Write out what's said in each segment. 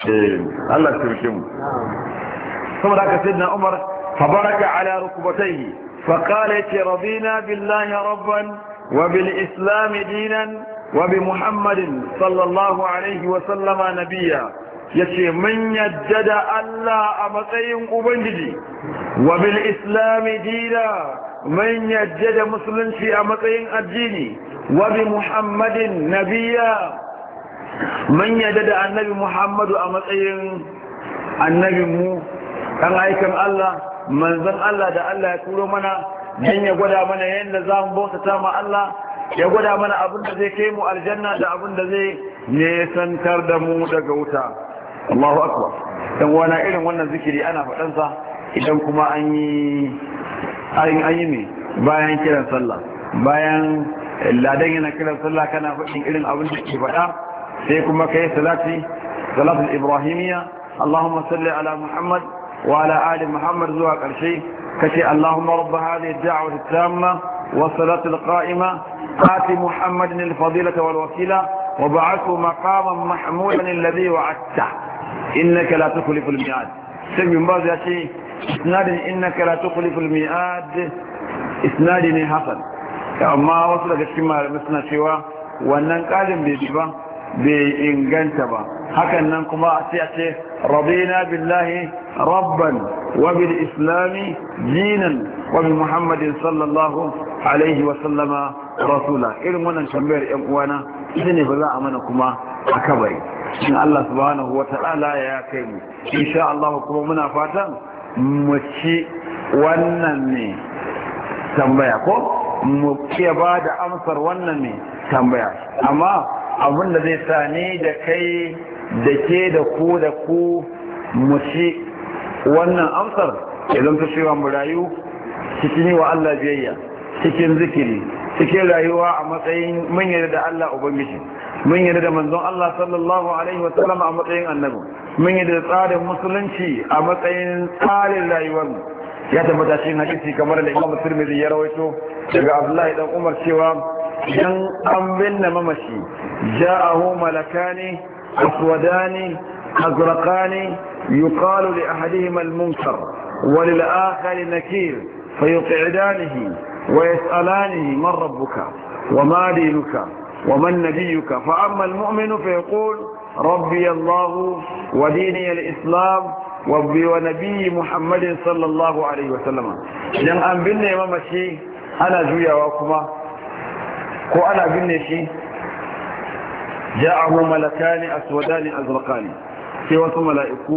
Eh, Allah shirke mu saboda haka sayyidina Umar fabaraka ala rukbatayhi fa qala ya rabina billahi rabban wa bil islam dinan wa bi muhammadin sallallahu alaihi wa sallama nabiyya yace mun yadda da Allah a matsayin ubangiji wa bil islam dinan من a matsayin addini أمطين الدين وبمحمد نبيا mun yadda da annabi muhammadu a matsayin annabin mu kan aikin allah manzan allah da allah ya turo mana don ya gwada mana yadda za mu bautata ma allah ya gwada mana abin da zai kai mu aljanna da abin da zai nesantar da mu daga wuta allahu akbar dan wana irin wannan zikiri ana faɗansa idan kuma an yi an bayan kiran sallah bayan ladan yana kiran sallah kana faɗin irin abin da ke faɗa sai kuma kai salati salatul ibrahimiyya allahumma salli ala muhammad wa ala ali muhammad zuwa karshe kace allahumma rabb hadhihi ad-da'wati at-tamma wa salati al-qa'ima ati muhammadin al-fadilata wal wasila wa ba'athu maqaman mahmudan alladhi wa'adta innaka la tukhlifu al-mi'ad sai bin baz ya ce isnadin innaka la tukhlifu al-mi'ad isnadin hasan amma wasu daga cikin malamai suna cewa wannan ƙarin bai ba bai inganta ba hakan nan kuma a ce a ce rabina billahi rabban wa islami dinan wa muhammadin sallallahu alaihi wa sallama rasula irin wannan tambayar yan uwana ita ne ba za a mana kuma a kabari in Allah subhanahu wa ta'ala ya kai mu insha Allah kuma muna fatan mu ci wannan ne tambaya ko mu ke ba da amsar wannan ne tambaya amma abin da zai sani da kai da ke da ku da ku mu ci wannan amsar idan ta cewa mu rayu cikin yi wa Allah biyayya cikin zikiri cikin rayuwa a matsayin mun yarda da Allah ubangiji mun yarda da manzon Allah sallallahu alaihi wa a matsayin annabi mun yarda da tsarin musulunci a matsayin tsarin rayuwar mu ya tabbata shi hadisi kamar da Imam Tirmidhi ya rawaito daga Abdullahi dan Umar cewa idan an binne mamashi ja'ahu malakani aswadani azraqani yuqalu li ahadihima al-munkar wa lil akhari nakir fayuq'idanihi wa yas'alanihi man rabbuka wa ma dinuka wa man nabiyyuka fa amma al-mu'minu fayaqul rabbi Allah wa dini al-islam wabbi wa nabiyyi muhammadin sallallahu alaihi wa sallama idan an binne mamashi ana juyawa kuma ko ana binne shi ja'ahu malakani aswadani azraqani sai wasu mala'iku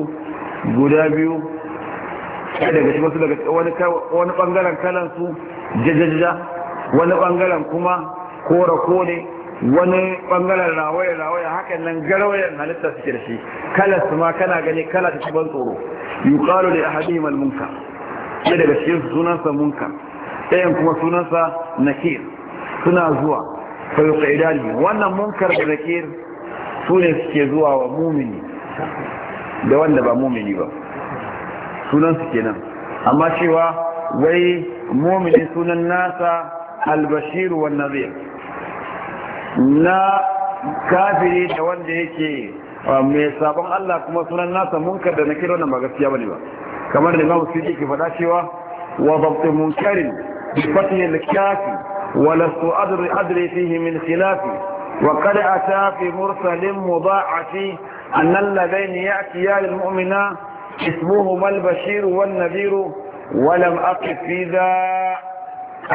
guda biyu daga shi wasu daga wani bangaren kalan su jajajja wani bangaren kuma kore kore wani bangaren rawaya rawaya hakan nan garwayen halitta suke da shi kala ma kana gani kala ta ban tsoro yuqalu li ahadihim al munkar sai daga cikin sunansa munkar ɗayan kuma sunansa nakir suna zuwa fa yuqidani wannan munkar da nakir su ne suke zuwa wa mumini da wanda ba mumini ba sunan su kenan amma cewa wai mumini sunan nasa albashir wan nazir na kafiri da wanda yake ah, mai sabon Allah kuma sunan nasa munkar da nakir wannan ba gaskiya bane ba kamar da Imam Sidi ke faɗa cewa wa babu munkarin bi fatihil kafi ولست أدري, أدري فيه من خلافي وقد أتى في مرسل مضاعف أن اللذين يأتيا للمؤمنا اسمهما البشير والنذير ولم أقف في ذا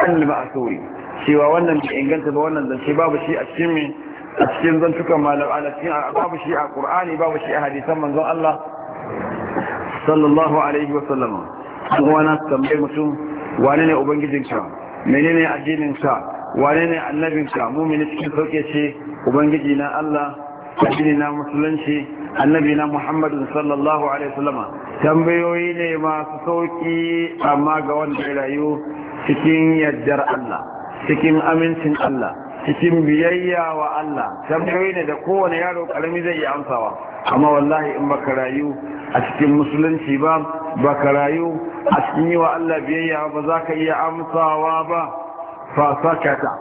المأثور سوى وانا مش إنجلت بوانا ذا شباب الشيء الشمي الشم ذا شكا ما لو على الشيء باب الشيء القرآن باب الشيء حديثا من ذا الله صلى الله عليه وسلم وانا سمي مسلم وانا أبنجي جنشان menene sa wane ne annabinka mumini cikin sauke ce ubangiji na Allah addini na musulunci annabi na Muhammad sallallahu alaihi wasallama tambayoyi ne masu sauki amma ga wanda ya rayu cikin yardar Allah cikin amincin Allah cikin biyayya wa Allah tambayoyi ne da kowane yaro karami zai yi amsawa amma wallahi in baka rayu a cikin musulunci ba baka rayu a cikin yi wa Allah biyayya ba za ka iya amsawa ba fa sakata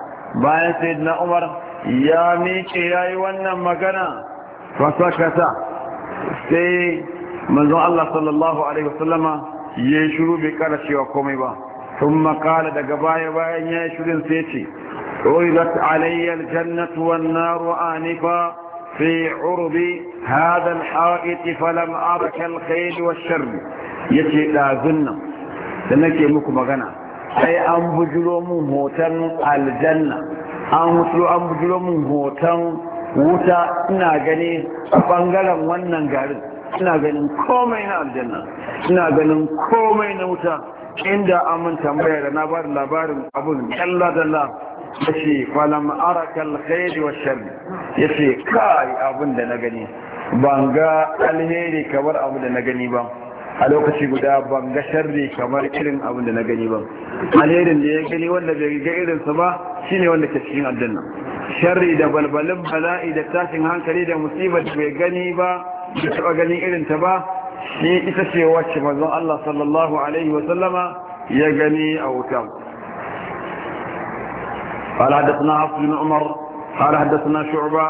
bayan sai na Umar ya miƙe ya yi wannan magana fa sakata sai manzon Allah sallallahu alaihi wasallama ya shiru bai kara cewa komai ba Tun makala daga baya bayan ya yi shirin sai ce عرضت علي الجنة والنار آنفا في عرض هذا الحائط فلم أرك الخيل والشر يتي لا ذنب لنكي مكو مغنى sai an bujiro mun hoton aljanna an wuto an bujiro mun hoton wuta ina gani bangaren wannan garin ina ganin komai na aljanna ina ganin komai na wuta inda amin da na bar labarin abun kyalla yace falam araka alkhair wa Ya yace kai abin da na gani ban ga alheri kamar abin da na gani ba a lokaci guda ban ga sharri kamar irin abin da na gani ba alherin da ya gani wanda bai ga irin sa ba shine wanda ke cikin aljanna sharri da balbalin bala'i da tashin hankali da musibar da bai gani ba da taba ganin irin ta ba shi ita ce wacce manzon Allah sallallahu alaihi wa sallama ya gani a wuta قال حدثنا عبد بن عمر قال حدثنا شعبة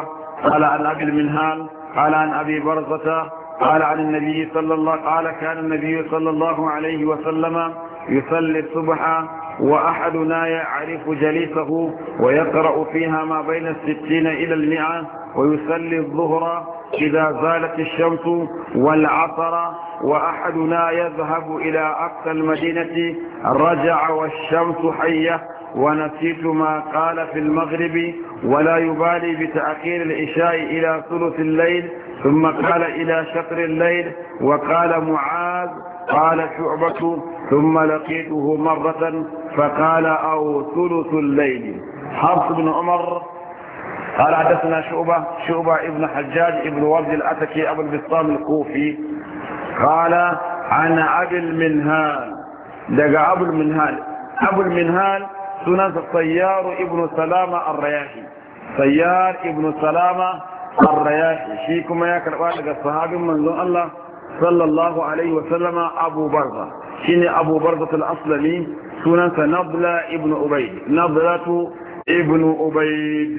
قال عن أبي المنهال قال عن أبي برزة قال عن النبي صلى الله قال كان النبي صلى الله عليه وسلم يصلي الصبح وأحدنا يعرف جليسه ويقرأ فيها ما بين الستين إلى المئة ويصلي الظهر إذا زالت الشمس والعصر وأحدنا يذهب إلى أقصى المدينة رجع والشمس حية ونسيت ما قال في المغرب ولا يبالي بتأخير العشاء إلى ثلث الليل ثم قال إلى شطر الليل وقال معاذ قال شعبة ثم لقيته مرة فقال أو ثلث الليل حفص بن عمر قال حدثنا شعبة شعبة ابن حجاج ابن ورد الأتكي أبو البسطام الكوفي قال عن أبي المنهال دقى أبو المنهال أبو المنهال sunansa sayyaru ibn salama ar sayyar ibn salama ar shi kuma ya karba daga sahabin manzon Allah sallallahu alaihi wa sallama Abu Barza shine Abu Barza al-Aslami sunansa Nabla ibn Ubayd Nablatu ibn Ubayd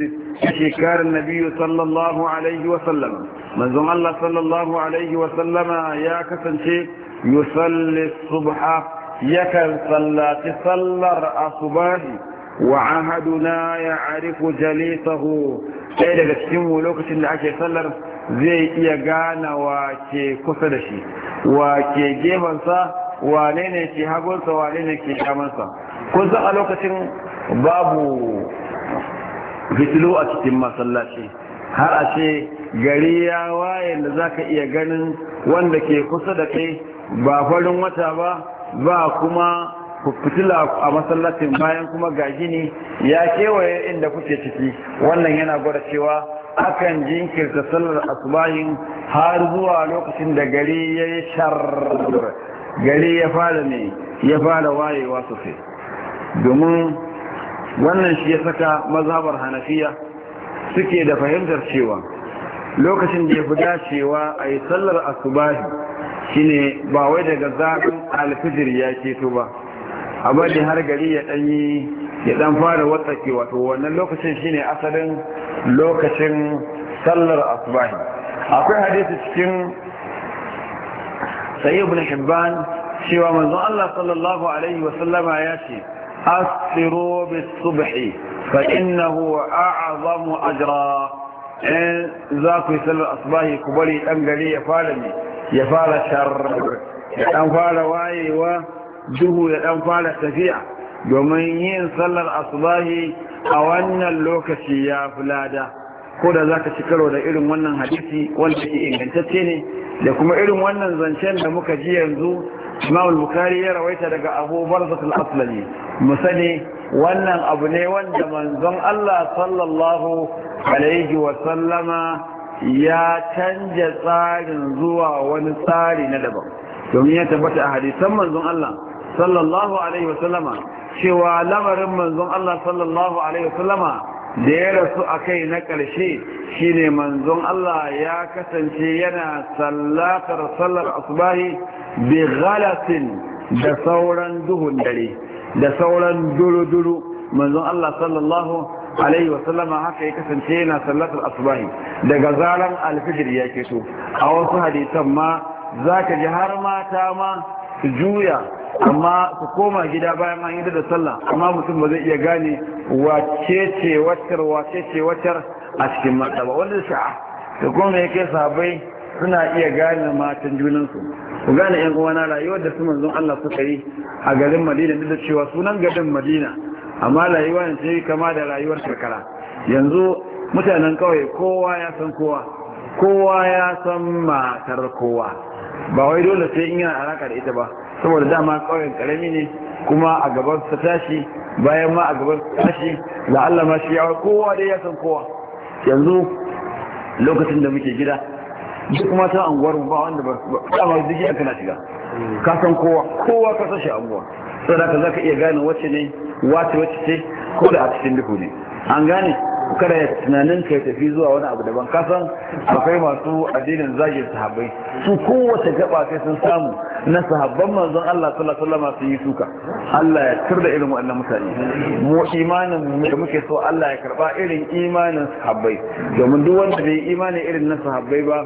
shikar Nabi sallallahu alaihi wa sallama manzon Allah sallallahu alaihi wa sallama ya kasance yusalli subha yakan sallaci sallar asubahi wa ahaduna ya arifu jalisahu sai daga cikin mu lokacin da ake sallar zai iya wa ke kusa da shi wake gefensa wane ne ke hagunsa wane ne ke kamansa? kun san a lokacin babu fitilu a cikin masallaci har a ce gari ya waye da za ka iya ganin wanda ke kusa da kai ba farin wata ba ba kuma fitila a masallacin bayan kuma gaji ne. ya kewaye inda kuke ciki wannan yana gwada cewa akan jinkirta sallar asubahin har zuwa lokacin da gari ya yi gari ya fara ne ya fara wayewa sosai domin wannan shi ya saka mazhabar hanafiya suke da fahimtar cewa lokacin da ya fi dacewa a yi sallar asubahi shine ba wai daga zafin alfijir ya keto ba a bari har gari ya yi ya ɗan fara watsake wato wannan lokacin shine asalin lokacin sallar asubahi akwai hadisi cikin sayi ibn hibban cewa manzon Allah sallallahu alaihi wa sallama ya ce asiru bis subhi fa innahu a'zamu ajra in eh, za ku yi sallar asubahi ku bari dan gari ya fara ne ya fara shar ya ɗan fara wayewa duhu ya ɗan fara tafiya domin yin sallar asubahi a wannan lokaci ya fi lada ko da za ka ci karo da irin wannan hadisi wanda ke ingantacce ne da kuma irin wannan zancen da muka ji yanzu imamul bukari ya rawaita daga abu barzatul aslami mu sani wannan abu ne wanda manzon allah sallallahu alaihi wasallama ya canja tsarin zuwa wani tsari na daban domin ya tabbata a hadisan manzon Allah sallallahu alaihi wasallama cewa lamarin manzon Allah sallallahu alaihi wasallama da ya rasu a kai na ƙarshe shine manzon Allah ya kasance yana sallatar sallar asubahi bi ghalasin da sauran duhun dare da sauran duru-duru manzon Allah sallallahu alaihi wasallama haka ya kasance yana sallatar asubahi daga zaran alfijir ya so, a wasu hadisan ma za ka ji har mata ma su juya amma su koma gida bayan an yi da sallah amma mutum ba zai iya gane wace ce watar wace ce watar a cikin mata ba wanda sha'a da kuma ya kai suna iya gane matan junansu ku gane yan na rayuwar da su manzon Allah suka yi a garin Madina duk da cewa sunan garin Madina amma rayuwa ne sai kama da rayuwar karkara yanzu mutanen kawai kowa ya san kowa kowa ya san matar kowa ba wai dole sai in yana alaka da ita ba saboda dama kauyen karami ne kuma a gaban ta tashi bayan ma a gaban sa tashi Allah ma shi yawa kowa dai ya san kowa yanzu lokacin da muke gida duk matan anguwar ba wanda ba dama duk ya kana shiga ka san kowa kowa ka san shi anguwa saboda ka zaka iya gane wacce ne wace wacce ce ko da a cikin duhu ne an gane kada ya tunanin kai tafi zuwa wani abu daban kasan akwai masu addinin zagin sahabbai su kowace gaba sai sun samu na sahabban manzon Allah sallallahu alaihi wasallam su yi suka Allah ya turda irin wannan mutane mu imanin da muke so Allah ya karba irin imanin sahabbai domin duk wanda bai imani irin na sahabbai ba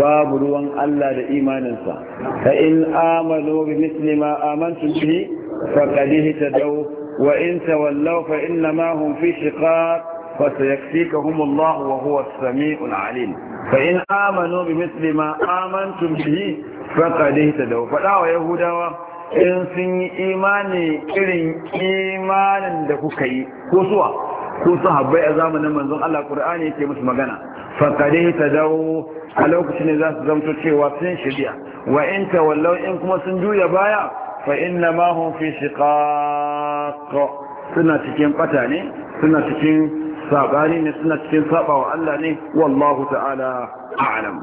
babu ruwan Allah da imaninsa fa in amanu bi misli ma amantum bihi faqad ihtadaw wa in tawallaw fa innama hum fi shiqaq فسيكفيكهم الله وهو السميع العليم فإن آمنوا بمثل ما آمنتم به فقد اهتدوا فدعوا يهودا in sun yi imani irin imanin da kuka yi ko suwa ko sahabbai a zamanin manzon Allah Qur'ani yake masu magana fakadai ta dawo a lokacin da za su zamto cewa sun shirya wa in tawallau in kuma sun juya baya fa inna ma fi shiqaq suna cikin bata suna cikin sabani ne suna cikin saɓawa Allah ne wallahu ta'ala a'lam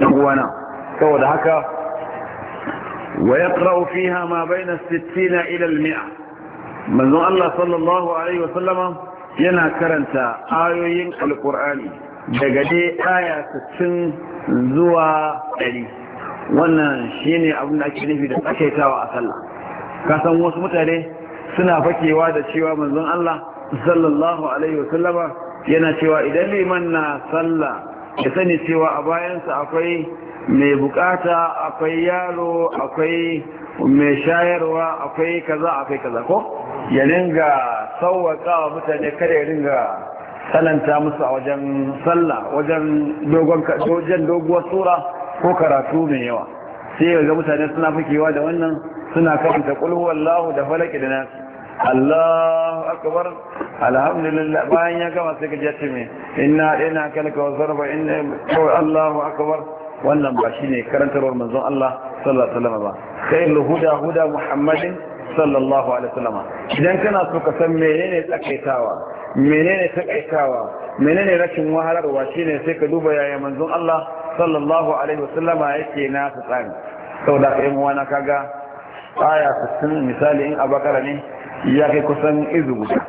dan uwana saboda haka wa yaqra'u fiha ma bayna 60 ila al-mi'a manzon Allah sallallahu alaihi wa sallama yana karanta ayoyin alqur'ani daga dai aya 60 zuwa 100 wannan shine abin da ake nufi da tsakaitawa a sallah kasan wasu mutane suna fakewa da cewa manzon Allah sallallahu alaihi wasallama yana cewa idan liman na sallah ya sani cewa a bayansa akwai mai bukata akwai yaro akwai mai shayarwa akwai kaza akwai kaza ko ya ringa sauwaka wa mutane kada ya ringa tsananta musu a wajen sallah wajen doguwar sura ko karatu mai yawa sai ga mutane suna fukewa da wannan suna karanta kulhuwallahu da falaki da nasu Allahu akbar alhamdulillah bayan ya gama sai ka ji ce me inna ina kalka wa zarba inna Allahu akbar wannan ba shine karantarwar manzon Allah sallallahu alaihi wasallam ba khairul luhuda huda Muhammadin sallallahu alaihi wasallam idan kana so ka san menene tsakaitawa menene takaitawa menene rashin wahalarwa shine sai ka duba yaya manzon Allah sallallahu alaihi wasallama yake na tsani saboda kai mu wana kaga aya 60 misali in abakara ne ya kai kusan izu guda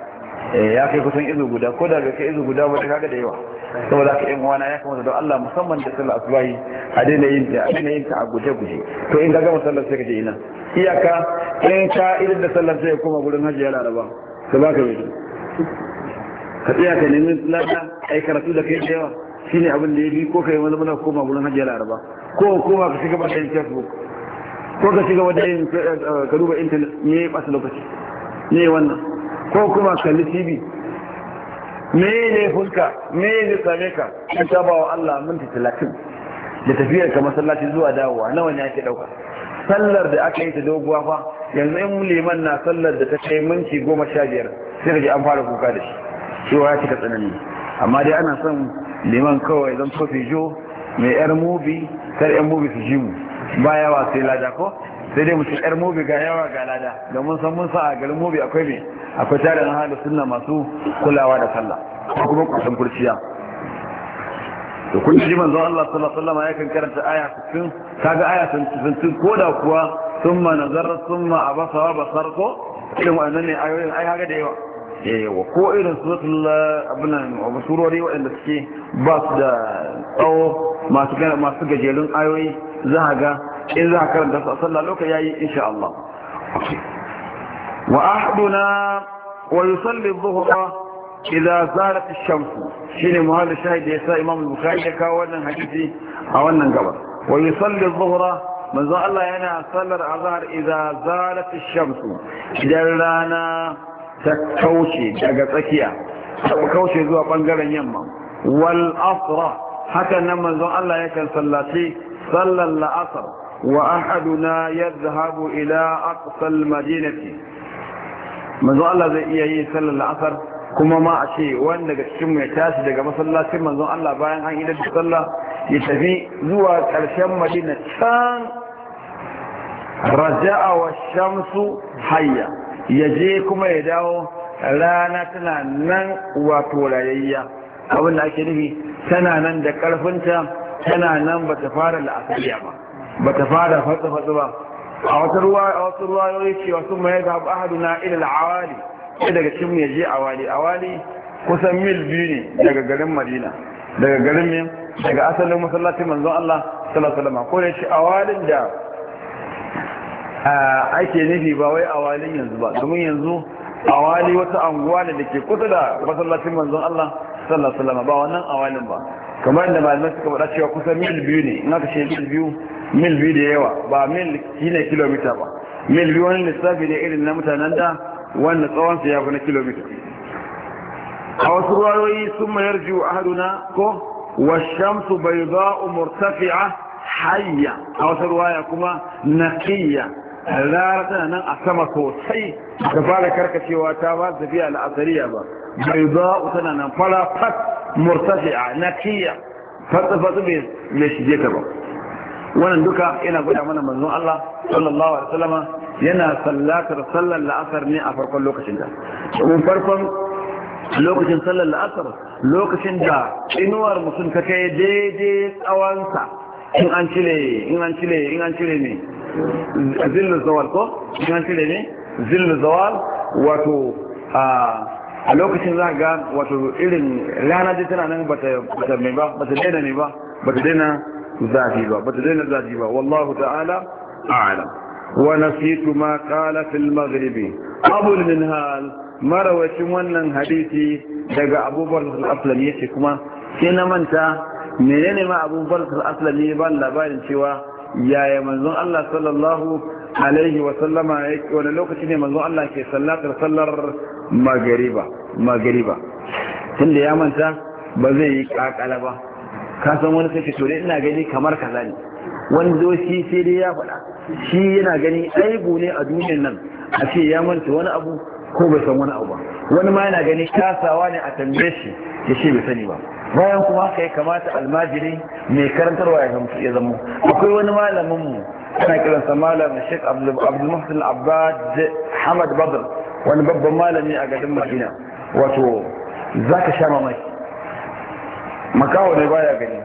eh, ya kai kusan izu guda ko da ga kai izu guda wata kaga da yawa saboda ka yan wana ya kamata don Allah musamman da sallar asubahi a daina yin ta a daina yin ta a guje guje to in ka gama sallar sai ka je ina iyaka in ka idan da sallar sai koma gurin hajji ya laraba ka ba ka bai ka tsaya ka nemi lada yi karatu da kai da yawa shine abin da ya bi ko kai wani muna koma gurin hajji ya laraba ko koma ka shiga ba da facebook ko ka shiga wadda yin eh, ka duba intanet me ya ɓata lokaci ne wannan ko kuma kalli tv mene fuska mene same ka An taba wa Allah minti talatin da tafiyar ka masallaci zuwa dawowa nawa ne ake dauka sallar da aka yi ta doguwa fa yanzu in liman na sallar da ta kai minti goma sha biyar sai ka ji an fara kuka da shi cewa ya cika tsanani amma dai ana son liman kawai zan so jo mai yar mubi kar yan mubi su ji mu baya yawa sai lada ko sai dai mutum yar mobi ga yawa ga lada da mun san mun sa a garin mobi akwai me akwai tare tarin hada sunna masu kulawa da sallah kuma kusan kurciya da kun ji manzo Allah sallallahu alaihi wasallam ya karanta aya 60 kaga aya 60 koda kuwa summa nazara summa abasa wa basarqo irin wannan ne ayoyin ai haka da yawa eh, wa ko irin suratul basurori surori waɗanda suke ba su da tsawo masu masu gajerun ayoyi za ga in za ka karanta su a sallah lokaci yayi insha Allah wa ahduna wa yusalli dhuhra idza zalat ash-shams shine muhallin shahid da yasa Imam Bukhari ya kawo wannan hadisi a wannan gaba wa yusalli dhuhra manzo Allah yana sallar azhar idza zalat ash-shams idan rana ta kauce daga tsakiya ta kauce zuwa bangaren yamma wal asra haka nan manzo Allah yakan sallaci sallar la'asar wa وأحدنا يذهب إلى أقصى المدينة منذ zai iya إيه صلى العصر kuma ma a ce wanda daga cikinmu ya tashi daga masallacin manzon Allah bayan an idan da sallah ya tafi zuwa ƙarshen madina can raja'a wa shamsu hayya ya je kuma ya dawo rana tana nan wato rayayya abin da ake nufi tana nan da ƙarfinta tana nan bata ta fara la'asariya ba ba ta fara fatsa-fatsa ba a wasu ruwa a wasu ruwa ruwayoyi cewa sun mai ga ahadu na ilil awali sai daga cin ya je awali awali kusan mil biyu ne daga garin madina daga garin min daga asalin masallacin manzon Allah sallallahu alaihi ko da shi awalin da ake nufi ba wai awalin yanzu ba domin yanzu awali wata anguwa ne da ke kusa da masallacin manzon Allah sallallahu alaihi ba wannan awalin ba kamar da malamai suka faɗa cewa kusan mil biyu ne in aka ce mil biyu mil biyu da yawa ba mil shine kilomita ba mil biyu wani lissafi ne irin na mutanen da wanda tsawonsa ya fi na kilomita a wasu ruwayoyi sun mayar a haduna ko Shamsu bai za'u murtafi'a hayya a wasu ruwaya kuma naƙiyya rara tana nan a sama sosai da fara karkacewa ta ba tafiya la'asariya ba bai u tana nan fara fat murtafi'a naƙiyya fatsa fatsa bai shige ta ba wannan duka yana gwada mana manzon Allah sallallahu alaihi wasallama yana sallatar sallar la'asar ne a farkon lokacin da domin farkon lokacin sallar la'asar lokacin da inuwar musun ta kai daidai sa in an cire in an cire in an cire ne zillu zawal ko in an cire ne zillu zawal wato a lokacin za ga wato irin rana da tana nan bata bata mai ba bata daina ne ba bata daina zafi ba ba ta daina zafi ba wallahu ta'ala a'lam wa nasitu ma qala fil maghribi abu minhal marawacin wannan hadisi daga abubuwan al-aslam yace kuma sai na manta menene ma abubuwan al-aslam ya ba labarin cewa yaya manzon Allah sallallahu alaihi wa sallama wani lokaci ne manzon Allah ke sallatar sallar magariba magariba tunda ya manta ba zai yi kakala ba ka san wani sai to dai ina gani kamar kaza ne wani zo shi sai dai ya faɗa shi yana gani aibu ne a duniyar nan a ce ya manta wani abu ko bai san wani abu ba wani ma yana gani kasawa ne a tambaye shi ya ce bai sani ba bayan kuma haka ya kamata almajiri mai karantarwa ya zamo akwai wani malamin mu ana kiransa malam Sheikh Abdul Muhsin Abbad Hamad Badr wani babban malami a garin Madina wato zaka sha mamaki makawo ne baya gani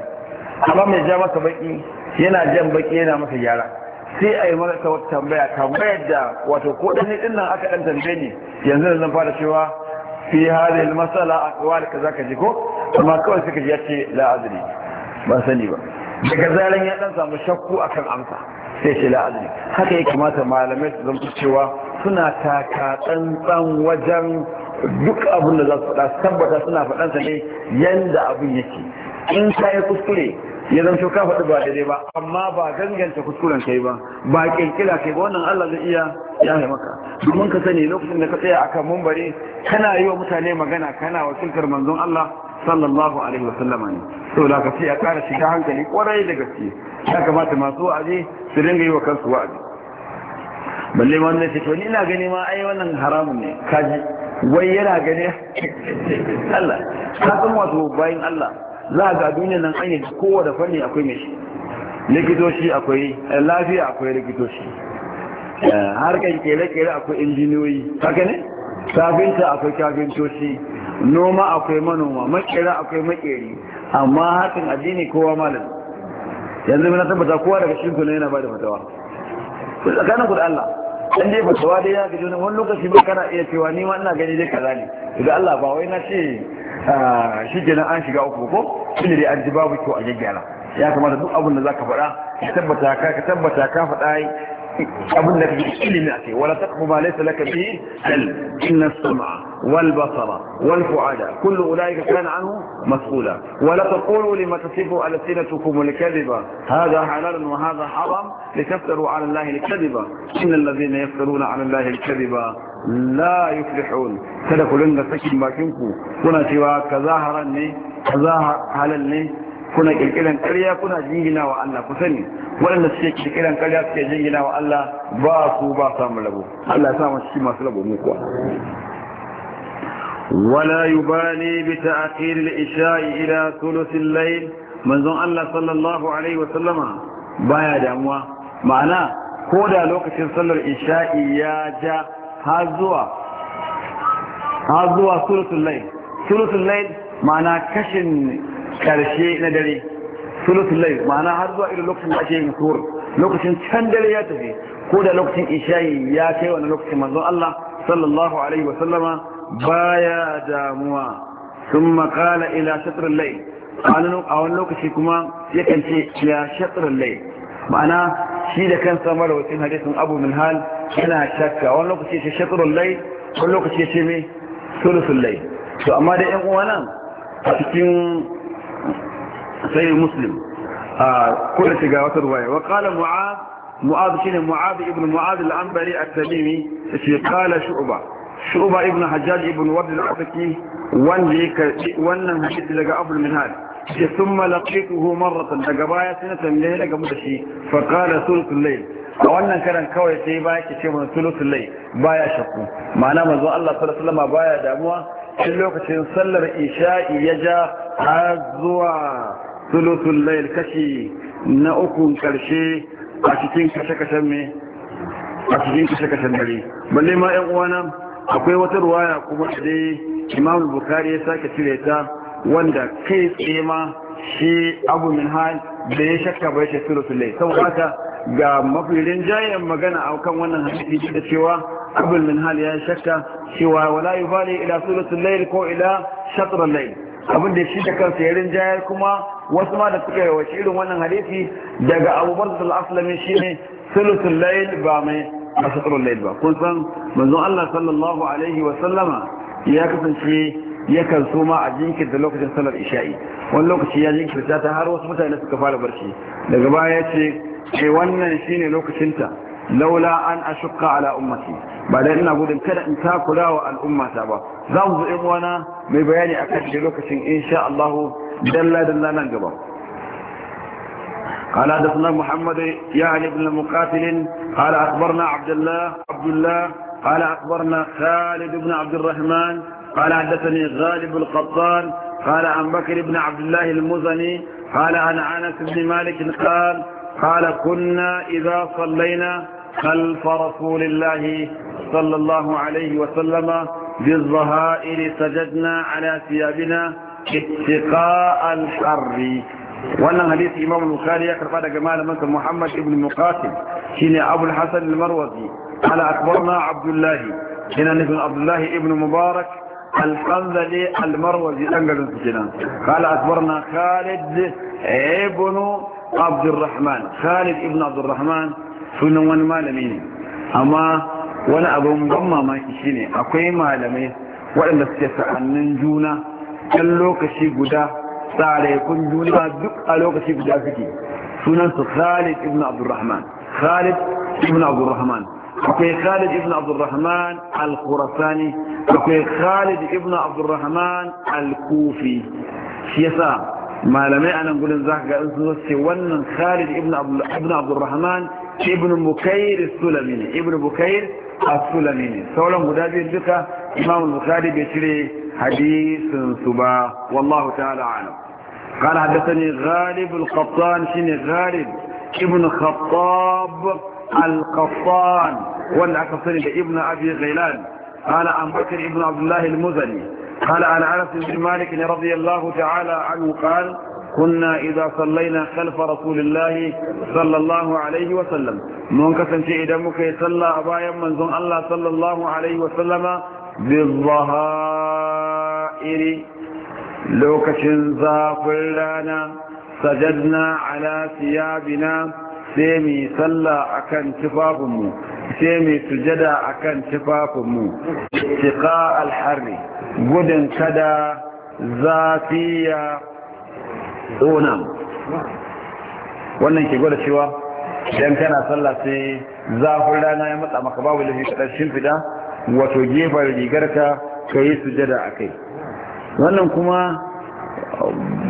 amma mai ja masa baki yana jan baki yana masa gyara sai a yi masa tambaya tambayar da wato ko dan din nan aka dan tambaye ni yanzu zan fara cewa fi al masala aqwal kaza ka ji ko amma kawai suka ji yace la azri ba sani ba daga zaran ya dan samu shakku akan amsa sai shi la azri haka ya kamata malamai su zama cewa suna taka tsantsan wajen duk abin da za su faɗa tabbata suna sa ne yanda abin yake in ka yi kuskure ya zan ka faɗi ba daidai ba amma ba ganganta kuskuren kai ba ba kirkira kai ba wannan Allah zai iya ya yi maka domin ka sani lokacin da ka tsaya akan mumbari kana yi wa mutane magana kana wakiltar manzon Allah sallallahu alaihi wasallam ne to da ka sai ya ƙara shiga hankali kwarai da gaske ya kamata masu wa'azi su dinga yi wa kansu wa'azi balle wannan ce to ni ina gani ma ai wannan haramun ne kaji wai yana gane Allah ka san wato bayan Allah za ga duniya nan an yi kowa da fanni akwai mai likitoci akwai eh, lafiya akwai likitoci eh, harkar kere-kere akwai injiniyoyi haka ne kafinta akwai kafintoci noma akwai manoma makera akwai makeri amma hakan addini kowa malam yanzu na tabbata kowa daga shi kuna yana ba da fatawa tsakanin ku da Allah dan dai tawa dai ga gaji wani lokaci ba kana iya cewa ni ma ina gani dai kaza ne idan Allah ba wai na ce ah, shi nan an shiga uku ko shi dai an ji babu kyau a gyaggyara ya kamata duk abin da zaka faɗa ka tabbata ka tabbata ka faɗa قبل لك بكلماته ولا تقف ما ليس لك به هل إن السمع والبصر والفعادة كل أولئك كان عنه مسؤولا ولا تقولوا لما تصفوا ألسنتكم الكذبة هذا حلال وهذا حرام لتفتروا على الله الكذبة إن الذين يفترون على الله الكذبة لا يفلحون سلكوا لنا سكن باكنكم كنا سواك ظاهرني ظاهر حلالني kuna kirkiran ƙarya kuna jingina wa Allah ku sani waɗanda suke kirkiran ƙarya suke jingina wa Allah ba su ba samu labo, Allah ya samu shi masu rabo mu kuwa wala yubali bi ta'khir al-isha'i ila thuluth al-layl manzon Allah sallallahu alaihi wa sallama baya damuwa ma'ana ko da lokacin sallar isha'i ya ja har zuwa har zuwa thuluth al-layl thuluth al-layl ma'ana kashin karshe na dare sulusul ma'ana har zuwa irin lokacin da ake yin suhur lokacin can dare ya tafi ko da lokacin isha'i ya kai wani lokacin manzon Allah sallallahu alaihi wa sallama baya damuwa sun qala ila shatr a wani lokaci kuma yakan ce ya shatr ma'ana shi da kansa mara wacin hadisin abu min hal yana shakka wani lokaci ce shatr al wani lokaci ce me sulusul to amma da yan uwa nan a cikin sai muslim a ko da shiga wata ruwaya wa kala mu'ad mu'ad shine mu'ad ibn mu'ad al-anbari at-tamimi shi kala shu'ba shu'ba ibn hajjaj ibn wabd al-afqi wanda yake wannan hadisi daga abul minhaj ya thumma laqituhu marratan daga baya sai na tambaye daga mu da shi fa qala sulul layl a wannan karan kawai sai baya yake ce mana sulusul layl baya shakku ma'ana manzo Allah sallallahu alaihi wasallam baya damuwa cikin lokacin sallar isha'i ya ja har zuwa sulutun lail kashi na ukun karshe a cikin kashe-kashen me a cikin kashe-kashen dare balle ma yan uwana akwai wata ruwaya kuma da dai imam bukari ya sake cire ta wanda kai tsaye ma shi abu min hal da ya shakka bai ce sulutun lail saboda haka ga mafi rinjayen magana a kan wannan hadisi da cewa abul min hal ya shakka cewa wala yubali ila sulusul layl ko ila shatr abin da shi da kansa ya kuma wasu ma da suka yi wace irin wannan hadisi daga abubuwan da al'asalami shi ne sulusul layl ba mai a shatrul layl ba kun san manzon Allah sallallahu alaihi wa sallama ya kasance yakan so ma a jinkir da lokacin salar isha'i wani lokaci ya jinkirta ta har wasu mutane suka fara barci daga baya ya ce wannan shine lokacinta لولا أن أشق على أمتي بعدين da أقول gudun kada in takura الأمة al'ummata ba إبوانا mu zo in إن شاء الله akan shi ننجبه قال حدثنا محمد يعني بن مقاتل قال أخبرنا عبد الله عبد الله قال أخبرنا خالد بن عبد الرحمن قال حدثني غالب القطان قال عن بكر بن عبد الله المزني قال عن أنس بن مالك قال قال كنا إذا صلينا خلف رسول الله صلى الله عليه وسلم بالظهائر سجدنا على ثيابنا اتقاء الحر وانا حديث امام البخاري يكر بعد جمال مثل محمد بن المقاتل شيني ابو الحسن المروزي قال اكبرنا عبد الله هنا ابن عبد الله ابن مبارك الحنظلي المروزي قال اكبرنا خالد ابن عبد الرحمن خالد ابن عبد الرحمن sunan wani malami ne amma wani abin ban mamaki ne akwai malamai waɗanda suke sa'annin juna ɗan lokaci guda kun juna duk a lokaci guda suke su khalid ibn abdurrahman khalid ibn abdurrahman akwai khalid ibn abdurrahman al-khurasani akwai khalid ibn abdurrahman al-kufi shi yasa malamai a nan gudun za ka ga sun ce wannan khalid ibn abdurrahman ابن بكير السلمي ابن بكير السلمي سولا مدادي الدكة إمام البخاري بشري حديث سبا والله تعالى عنه قال حدثني غالب القطان شن غالب ابن خطاب القطان والعكسر ابن أبي غيلان قال عن بكر ابن عبد الله المزني قال عن أنس بن مالك رضي الله تعالى عنه قال كنا إذا صلينا خلف رسول الله صلى الله عليه وسلم منكسن إذا مكي صلى أبايا من زن الله صلى الله عليه وسلم بالظهائر لوكشن زافرانا سجدنا على ثيابنا سيمي صلى أكن تفافمو سيمي سجدا أكن تفافمو اتقاء الحر قدن كدا ذاتية dona wannan ke gwada cewa idan kana sallah sai zafin rana ya matsa maka babu lafi kaɗan shimfiɗa wato gefen rigarka ka yi sujada a kai wannan kuma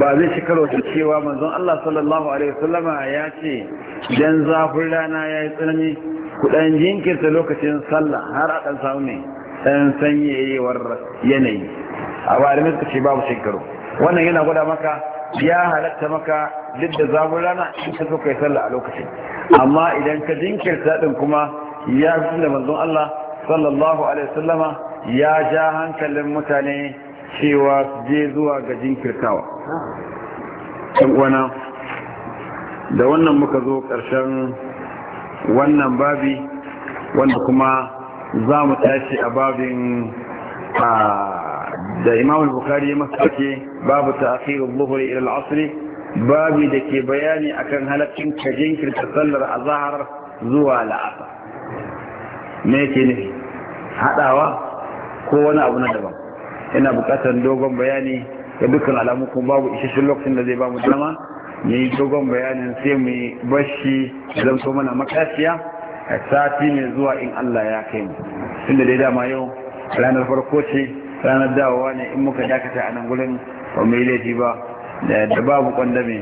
ba zai shi karo da cewa manzon Allah sallallahu alaihi wasallama ya ce idan zafin rana ya yi tsanani kudan jinkirta lokacin sallah har a ɗan samu ne ɗan sanyayewar yanayi a ba da ce babu shekaru wannan yana gwada maka ya halatta maka duk da zamu rana in ka zo kai sallah a lokacin amma idan ka jinkirta din kuma ya fi da manzon Allah sallallahu alaihi wasallama ya ja hankalin mutane cewa je zuwa ga jinkirtawa uwana da wannan muka zo ƙarshen wannan babi wanda kuma za mu tashi a babin a da imam al-bukhari ya babu ta'khirul dhuhr ila al-asr babu da ke bayani akan halaccin kajin kirta sallar azhar zuwa la'asa. me ke ne hadawa ko wani abu na daban ina bukatar dogon bayani da dukkan alamu kuma babu isasshen lokacin da zai ba mu dama ne dogon bayanin sai mu bashi zan so mana makasiya a sati mai zuwa in Allah ya kai mu tunda dai dama yau ranar farko ce ranar dawowa ne in muka dakata a nan gurin ba mai laifi ba da babu kwandame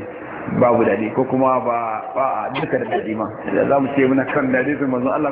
babu dadi ko kuma ba a duka da dadi ma za mu ce muna kan dadi sun mazan Allah